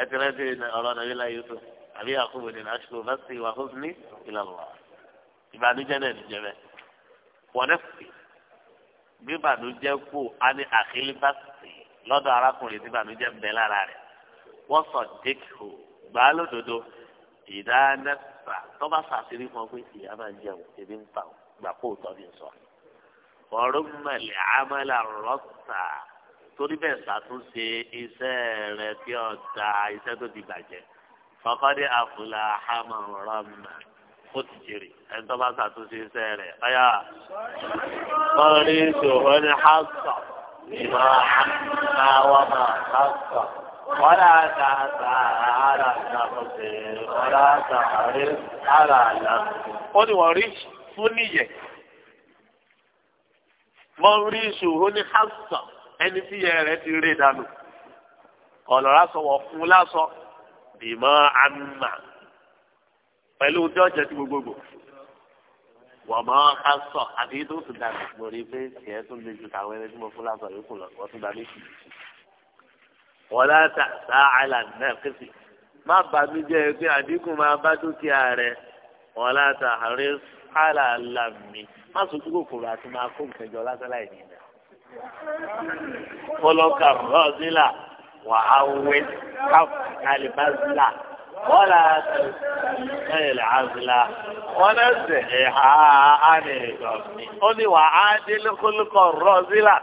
ẹ̀tẹ̀rẹ̀ ti ọ̀rọ̀ nàbí láyé tó àbí àkóbò ní aṣọ bá sì wà fún mi ìlànà ìbànújẹ́ náà ní jẹbẹ pọnẹsì bí ìbànújẹ́ kú á ní àkílí bá sì lọ́dọ̀ arákùnrin tí ìbànújẹ́ ń bẹ lára rẹ̀ wọ́n sọ dékìó gbà á lódodo ìdánẹ́sà tó bá sàṣírí fún ọ pé ìyá máa ń jẹun ebi ń pa gbà kó tọ́ ní sọ. ọ̀rọ̀ mẹ́lẹ̀ amẹ́lẹ̀ rọ́ọ̀tà torí bẹ́ẹ̀ ṣàtúnṣe iṣẹ́ rẹ̀ kí ọ̀dà iṣẹ́ tó ti bàjẹ́ fọkàdé àfùlà àhámà rọmà kó ti jèrè ẹni tó bá ṣàtúnṣe iṣẹ́ rẹ̀ ọyà kọrí ìṣòro ní hásọ ìmọ̀ àwọn ọmọ hásọ wọ́n á ta sàárà àrà ìdàkọ̀sẹ̀ wọ́n á ta àrà ìdàkọ̀sẹ̀. ó ní wọ́n rí fún níyẹ̀ mọ rí ìṣòro ní hásọ ẹni tí yẹ rẹ ti rí dànù ọlọ́rà sọ wọ́n fún lásọ bìmọ àmà pẹ̀lú ojú ọjà tí gbogbogbò wọ́n mọ aṣọ àti tó tún dà mo rí pé tiẹ̀ tún lè ju tàwọn ẹni tí mo fún lásán yòókù lọ wọ́n tún dá méjì wọ́n láta sáà àìlànà náà kẹsì má bà mí jẹ́ pé àdínkù máa bá dúkìá rẹ̀ wọ́n láta àárẹ̀ àlàlà mi má sojú kòkòrò àti máa kó nǹkan jọ lásán láì nìyẹn. kọlọ́kà rọ́ọ̀sílà. وحول حفظ البذلة ولا تنسي العزلة ونزهها عن الغم قل وعادل خلق الرزلة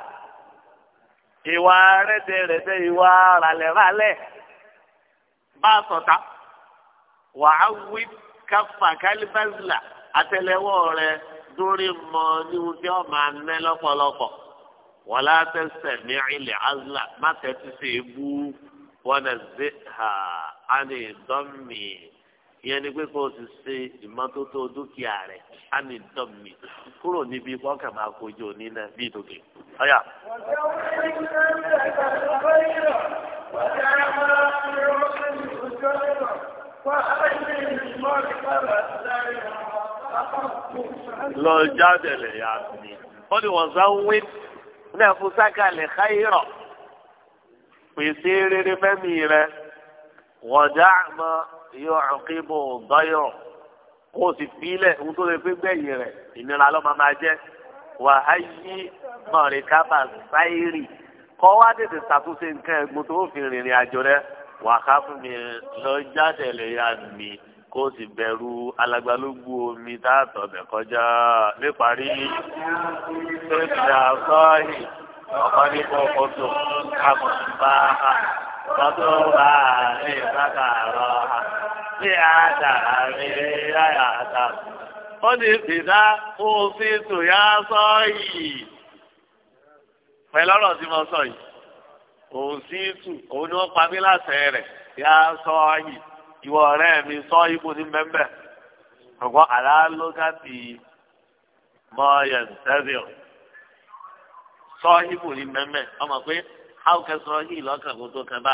ìwà rédèrèdè ìwà ràlẹ̀ràlẹ̀ bá a sọ̀tà wà á wí káfà kálífàzìlà wàlá tẹsẹ̀ ní ilẹ̀ azla má tẹ́tí sí ebú wọn lè zé ha á ní dọ́mì ìyẹn ni pé kó o sì ṣe ìmọ́tótó dúkìá rẹ̀ á ní dọ́mì kúrò níbi kọ́kà máa kojú òní náà bí ìdókè. ọ̀yà. lọ jáde lè yá mi wọ́n ní wọ́n sá ń wí náà fún sákàlẹ̀ káyìrọ̀ pèsè rere fẹ́mi rẹ wọ̀dà àmọ́ yóò ọ̀kíbò dọ́yọ̀ kó o sì fílẹ̀ ohun tó lè fi gbẹ̀yìn rẹ̀ ìnira ló máa máa jẹ́ wàá yí mọ̀rìnkábà sáírì kọ́ wá tètè ṣàtúnṣe nǹkan ẹ̀gbọ́n tó fi rìnrìn àjò rẹ wàá ká fún mi lọ jáde lè yá mi kó o sì bẹ̀rù alágbálógbó omi tá a tọ̀ bẹ̀ kọjá níparí tó ti dà sọ́ọ̀hì ọ̀kan ní kó o tó kàmọ̀ bá a tọ́tò bá a lè bá kà rọ̀ a bí a dà a rí láyà dà. ó ní fìdá kó o sì tò yá sọ́ọ̀hì pẹ̀lú ọ̀rọ̀ tí mo sọ yìí òun sì tù òun ni wọ́n pa mí láṣẹ rẹ̀ yá sọ́ọ̀hì ìwọ ọ̀rẹ́ mi sọ ipò ní mẹ́mbẹ́ ṣùgbọ́n àlálógàtì mọ́ọ̀yẹ̀ sẹ́fìọ̀ sọ ipò ní mẹ́mbẹ́ ọmọ pé how can sọ yìí lọ́kàn kó tó kan bá.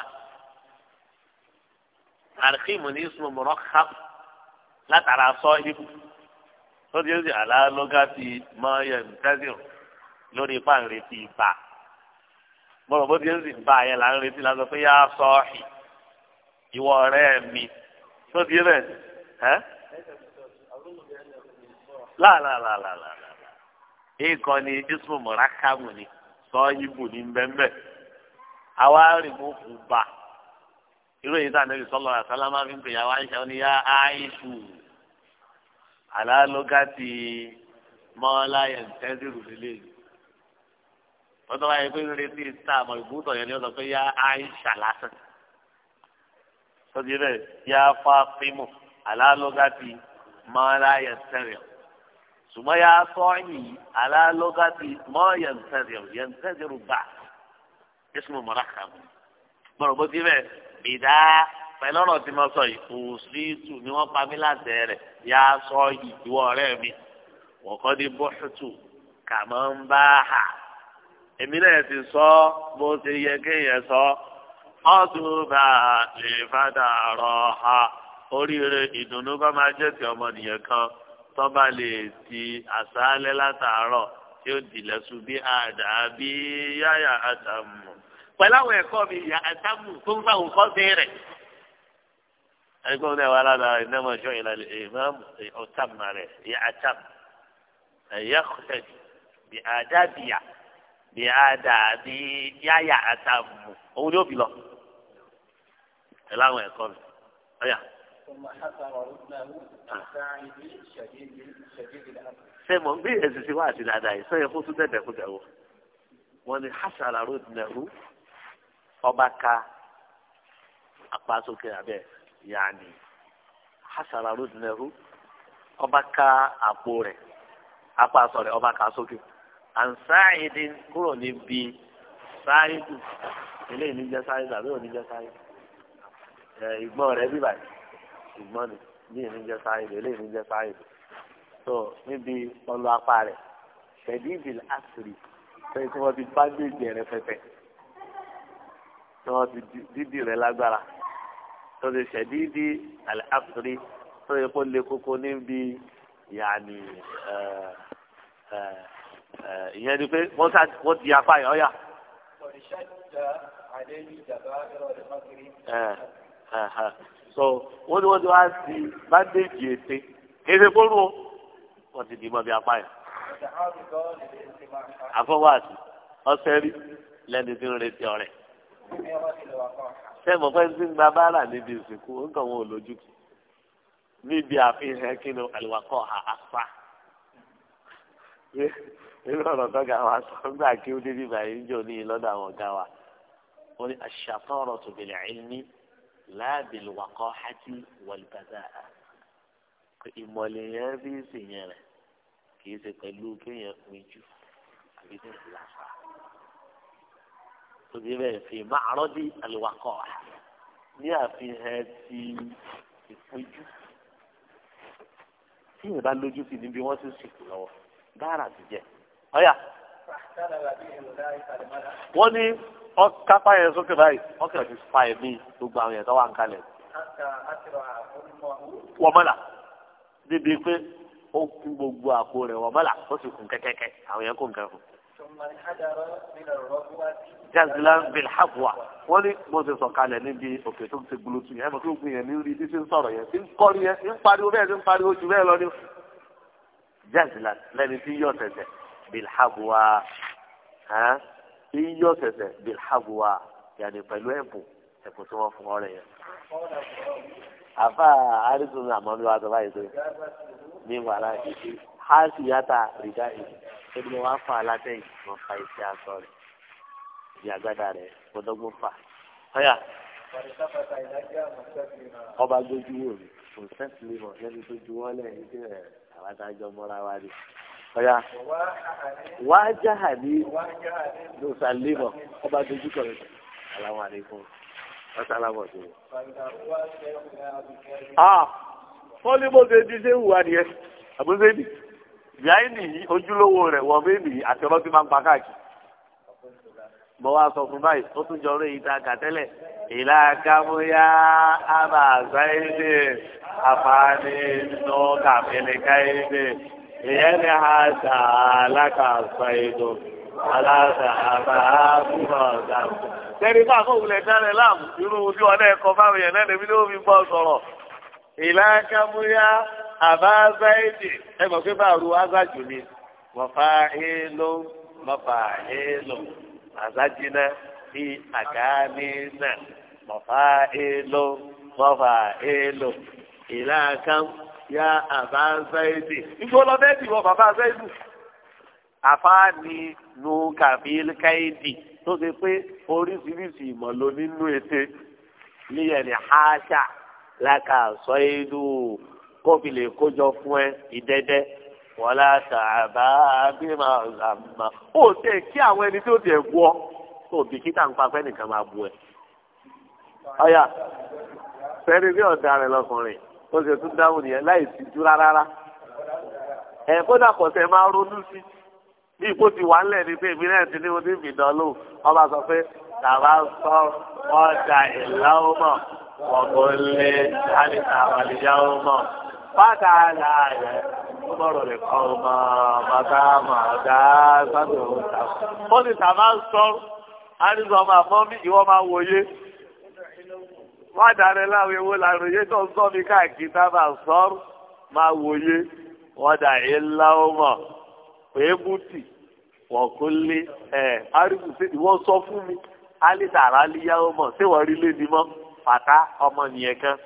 àrùkìmù ní sùn mọ̀rọ̀ káp látara sọ ipò tó ti ṣe àlálógàtì mọ́ọ̀yẹ̀ sẹ́fìọ̀ lórí ipá ń retí ibà. mo rò bó ti ń sìn bá a yẹn là ń retí lásán pé yá sọ ọ́ hì ìwọ ọ̀rẹ́ mi tó di rẹ̀ ẹ́ láàlàlàlàlà nǹkan ni ismu murakamu ni sọ ibu ní bẹ́ẹ̀ àwa rìmúfù bá irú èyí tá a nẹ́bi sọ́lọ́ àtàlámà fi ń pè yàwá ń ṣàwọn níyà áìṣù àlálógàtì mọ́ọ́lá yẹn tẹ́sírù nílé wọ́n tọ́ báyìí pé ń retí sáà mọ̀ ìbútọ̀ yẹn ni wọ́n sọ pé yá áìṣà lásán sọ́dí bẹ́ẹ̀ yá fáfímù alálọ́gàtì mọ́láyà sẹ́rẹ̀ ṣùgbọ́n yá sọ́ọ̀yì alálọ́gàtì mọ́ọ̀yà sẹ́rẹ̀ yẹn sẹ́rẹ̀ bá ismu mọ́ràkàmù bọ̀rọ̀ bó ti bẹ́ẹ̀ bìdá pẹ̀lú ọ̀rọ̀ tí mo sọ yìí kò sí tù ni wọ́n pa mí láti rẹ̀ yá sọ́ọ̀yì ìwọ ọ̀rẹ́ mi wọ́n kọ́ ní bọ́ṣùtù kàmọ́ ń bá a èmi náà ti sọ bó ti yẹ kéèyàn sọ ọ̀túnba lè fada rọ̀ ha oríire ìdùnnú bá máa jẹ́ ti ọmọnìyàn kan tọ́ba lè ti àṣálẹ́ látàárọ̀ tí ó dìlẹ̀ sùn bí àdá bí yáyà àtàmù pẹ̀lú àwọn ẹ̀kọ́ mi yà àtàmù tó ń bá òkọ́ sí rẹ̀. ẹgbẹ́ wa lára ìnáwó ṣọ́ ìlàlẹ̀ ìmáàmù ọ̀tàmù rẹ̀ yà àtàmù ẹ̀yà kọ́sẹ̀dì bí àdá bìyà bí àdá bí yáyà àtàmù òun ni ó bì lọ pẹ̀lú àwọn ẹ̀kọ́ mi ọ̀yà. ṣé mo ń bí èsì sí wá àti dáadáa yìí sọ́yẹ́ fún tún dẹ̀dẹ̀ fún dẹ̀wọ̀ wọ́n ní hasara road nẹ̀rú ọba ka apasókè abẹ́ yaani hasara road nẹ̀rú ọba ka àpò rẹ̀ apasọ̀ rẹ̀ ọba ka sókè ansáyidin kúrò níbi sáyidu eléyìí ní jẹ́ sáyidu àbí òní jẹ́ sáyidu ìgbọ́n rẹ bí báyìí ìgbọ́n ni bí èmi jẹ sáyidù eléyìí mi jẹ sáyidù tó níbi ọlọ apá rẹ ṣẹdíìdì àṣírí sẹ́yìn tí wọ́n ti bágbèjì rẹ fẹ́fẹ́ tí wọ́n ti dídì rẹ lágbára tó ti ṣẹdíìdì àṣírí tó yẹ kó le koko níbi yàní ìyẹn ni pé wọ́n ti apá yẹn ọ̀yà. ọ̀rìṣà ìjà so wọ́n ní wọ́n ti wá sí bandage ète kéde kóró wọ́n ti dì mọ́ bí apá yẹn. àfọwọ́sí ọ̀sẹ̀ rí lẹ́ni tí ń retí ọ̀rẹ́. sẹ́mi ọ̀pẹ́ ti ń gba báárà níbi ìsìnkú ó ń kàn lójú kì níbi àfihàn kí ni àlùwàkọ́ àpá nínú ọ̀rọ̀ tọ́gà wa sọ nígbà kí ó débi báyìí ń jò ní ìlọ́dọ̀ àwọn ọ̀gá wa ó ní àṣàtọ̀ tòbìlẹ̀ ẹ̀ ní láàbìlì wàkọ́ hajj wàlùbàdà ìmọ̀lẹ̀ yẹn fi ń sèyàn rẹ̀ kì í ṣe pẹ̀lú kéèyàn pin jù àbí ní ìlàfà tóbi bẹ́ẹ̀ fi máa rọ́dí àlùwàkọ́ ní àfihàn ti ìpéjú tí yẹn bá lójú sí níbi wọ́n ti sìnkú lọ́wọ́ dára ti jẹ ọ̀yà wọ́n ní kápá yẹn sókè báyìí wọ́n kìlọ̀ fi fa ẹ̀mí gbogbo àwọn yẹn tó wà ń kalẹ̀. wọ́n mọ̀lá níbi pé ó kú gbogbo àpò rẹ̀ wọ́n mọ̀lá ó sì kún kẹ́kẹ́kẹ́ àwọn yẹn kò ń kẹ́kọ̀ọ́. jazilan bil habwa wọ́n ní mo ti sọ̀ kalẹ̀ níbi òkè tó ti gbolo tu yẹn mo ti gbin yẹn ní rí títí ń sọ̀rọ̀ yẹn ń kọ́ni yẹn ń pariwo bẹ́ẹ̀ ń pariwo jù bẹ́ẹ̀ lọ ní jazilan lẹ́ni tí yọ̀ tẹ̀tẹ̀ bilhabuwa hàn iyọ sẹsẹ bilhabuwa yàní pẹ̀lú ẹ̀bùn ẹ̀bùn tí wọ́n fún ọ rẹ yẹn. àfa àrísùn àmọ́lú wa sọ́ba yìí ní wàhálà ìdí hàásì yàtà rìdá yìí ebi ni wọ́n fa alátẹ̀yìn wọ́n fa iṣẹ́ aṣọ rẹ̀ ìdí àgádà rẹ̀ gbọ́dọ́gbọ́n fà. ọ̀yà ọba gbójú wò ní kò sẹ́ńtì lè mọ̀ lẹ́ni tó ju wọ́n lẹ́yìn tí ẹ̀ àwọn àtàjọ mọ́ra wa rí ọ̀yà wà á jáhà ní lùsàlímọ̀ ọba dojú kọ̀ rẹ̀ aláwọ̀ àlékún ọ̀sálàmọ̀ tó. wọ́n ní bó ṣe di ṣé wùwà nìyẹn àbúṣe nì yáì nìyí ojúlówó rẹ̀ wọ́n mí nìyí àti ọlọ́tí máa ń pa káàkiri. mo wá sọ fún báyìí ó tún jọrọ èyí tá a kà ìlà kámúyá àbàzáìdè àfààní nù kàmílì káìdè. لأن هذا لك الصيد على سحبها فرادم tẹ́rí bá kó wulẹ̀ dáná láàmú irú ojú ọ̀nà ẹ̀kọ́ fáwọn èèyàn náà lèmi ló fi sọ̀rọ̀ ìlà kámúyá àbá záìdì ẹ mọ̀ yá àbá ṣáìdì ìjọ lọ bẹ́ẹ̀ dì wọ́n bàbá ṣáìdì ni nu kàbíl káìdì tó ṣe pé oríṣiríṣi ìmọ̀ ló nínú ète níyẹn ní háṣà láka ṣáìdù kóbi lè kójọ fún ẹ ìdẹ́dẹ́ wọlá tàbá bímọ àmà ó tẹ kí àwọn ẹni tó tẹ wọ tó bìkítà ń papẹ́ nìkan máa bu ẹ. ọ̀yà fẹ́ẹ́ rí bí ọ̀daràn lọkùnrin ó sì tún dáhùn nìyẹn láì sí jù rárá ẹ kódà kọ̀ọ̀sẹ̀ máa ronú sí bí ipò ti wà nílẹ̀ ni pé èmi náà ti ní mo ní ìbìdán lò wọ́n sọ pé tàbá sọ ọjà ìlàwó mọ̀ wọ̀gbọ̀nlé àlìkà àlìyáwó mọ̀ pátá láàyè gbọ́dọ̀ lè kọ́ ọmọ bàtà màdá sábẹ̀ òun tà. ó ní tàbá sọ àdìsọ ọmọ àmọ́ mi máa wòye má darẹ láwọn ewo làrò yé tó ń sọ mi káàkiri tábà sọ̀rọ̀ máa wòye wọn dà é láwọn mọ pébùtì wọn kò lé ẹ arúgbó sí ìwọ sọ fún mi alítàrà líyàwó mọ ṣé wọn rí lédi mọ fàtà ọmọ nìyẹn kan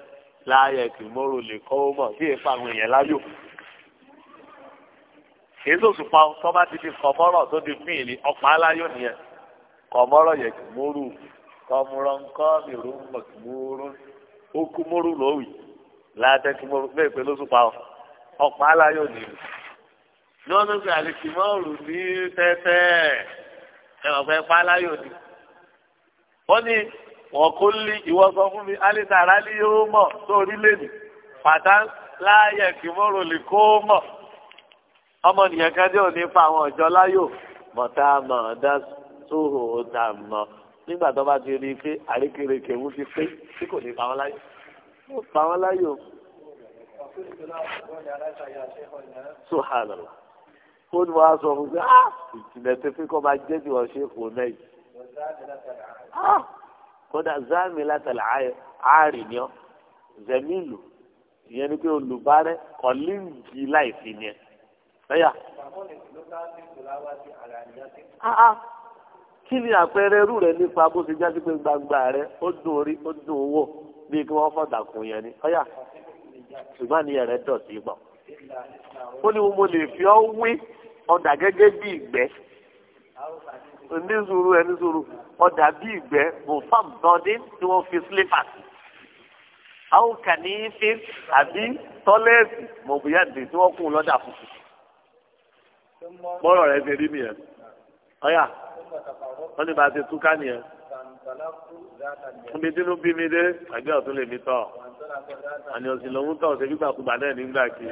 láàyè kìmọrò lè kọ́ ọmọ bí èèpà àwọn èèyàn láyò èso sùpà tọ́ba ti fi kọ̀mọ́rọ̀ tó di fún ìlí ọ̀pá aláyọ̀ nìyẹn kọ̀mọ́rọ̀ yẹ kìmọrò kọmúrọ̀ ńkọ́ mìíràn mọ̀kìmúrún okùmúrún lówì látẹ́kùmúrún bẹ́ẹ̀ pé lóṣù pa ọ̀pá aláyọ̀ nìyí lọ́nà pé àlèkìmọ́ọ̀rù ní tẹ́tẹ́ ẹ̀rọ pé pa ni wọ́n ní wọ́n kó lé ìwọ sọ fún mi alẹ́tàrà ní yóò mọ̀ sórí lẹ́nu pàtà láàyè kìmọ́ọ̀rù lè kó mọ̀ ọmọnìyàn kan tí ò ní àwọn ọ̀jọ́ láyò mọ̀tàmọ̀ dá sóhò dàmọ̀ nígbà tó bá ti rí i pé àrékérekè ń fi pé tí kò ní pa wọ́n láyò ó pa wọ́n láyò. subhanallah ó ní wàá sọ fún mi ah ìjìnlẹ̀ tó fi kọ́ máa jẹ́ bí wọ́n ṣe kò náà yìí. Ah, kódà zámi látàlá àárín ni ọ́ zẹ̀mílù ìyẹn ni pé olùbárẹ́ kọ́líǹgì láìsí ni ẹ̀ lẹ́yà kí ni àpẹẹrẹ irú rẹ nípa bó ṣe jáde pé gbangba rẹ ó dùn orí ó dùn owó bí kí wọ́n fọ̀dà kùn yẹn ni ọ̀yà ṣùgbọ́n àníyàn rẹ dọ̀tí pọ̀ ó ní mo lè fi ọ́ wí ọ̀dà gẹ́gẹ́ bí ìgbẹ́ ní sùúrù ẹni sùúrù ọ̀dà bí ìgbẹ́ mo fàm dọ́dí tí wọ́n fi slippers àwọn kàní fi àbí tọ́lẹ́ẹ̀tì mọ̀ bóyá dè tí wọ́n kún un lọ́dà funfun bọ́rọ̀ rẹ ṣe rí nìyẹn ọ̀yà wọ́n ní bàá ti túká nìyẹn. Omi dínú bí mi dé, àgbẹ̀ ọ̀tún lè mi tọ̀. Àní òsì lòun tọ̀ ṣe gbígbàkúgbà náà nígbà kí.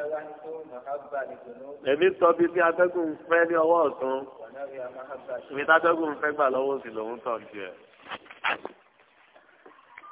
Èmi tọ́ bí tí atẹ́gùn fẹ́ ní ọwọ́ ọ̀tún. Èmi tátẹ́gùn fẹ́ gbà lọ́wọ́ òsì lòun tọ̀ tiẹ̀.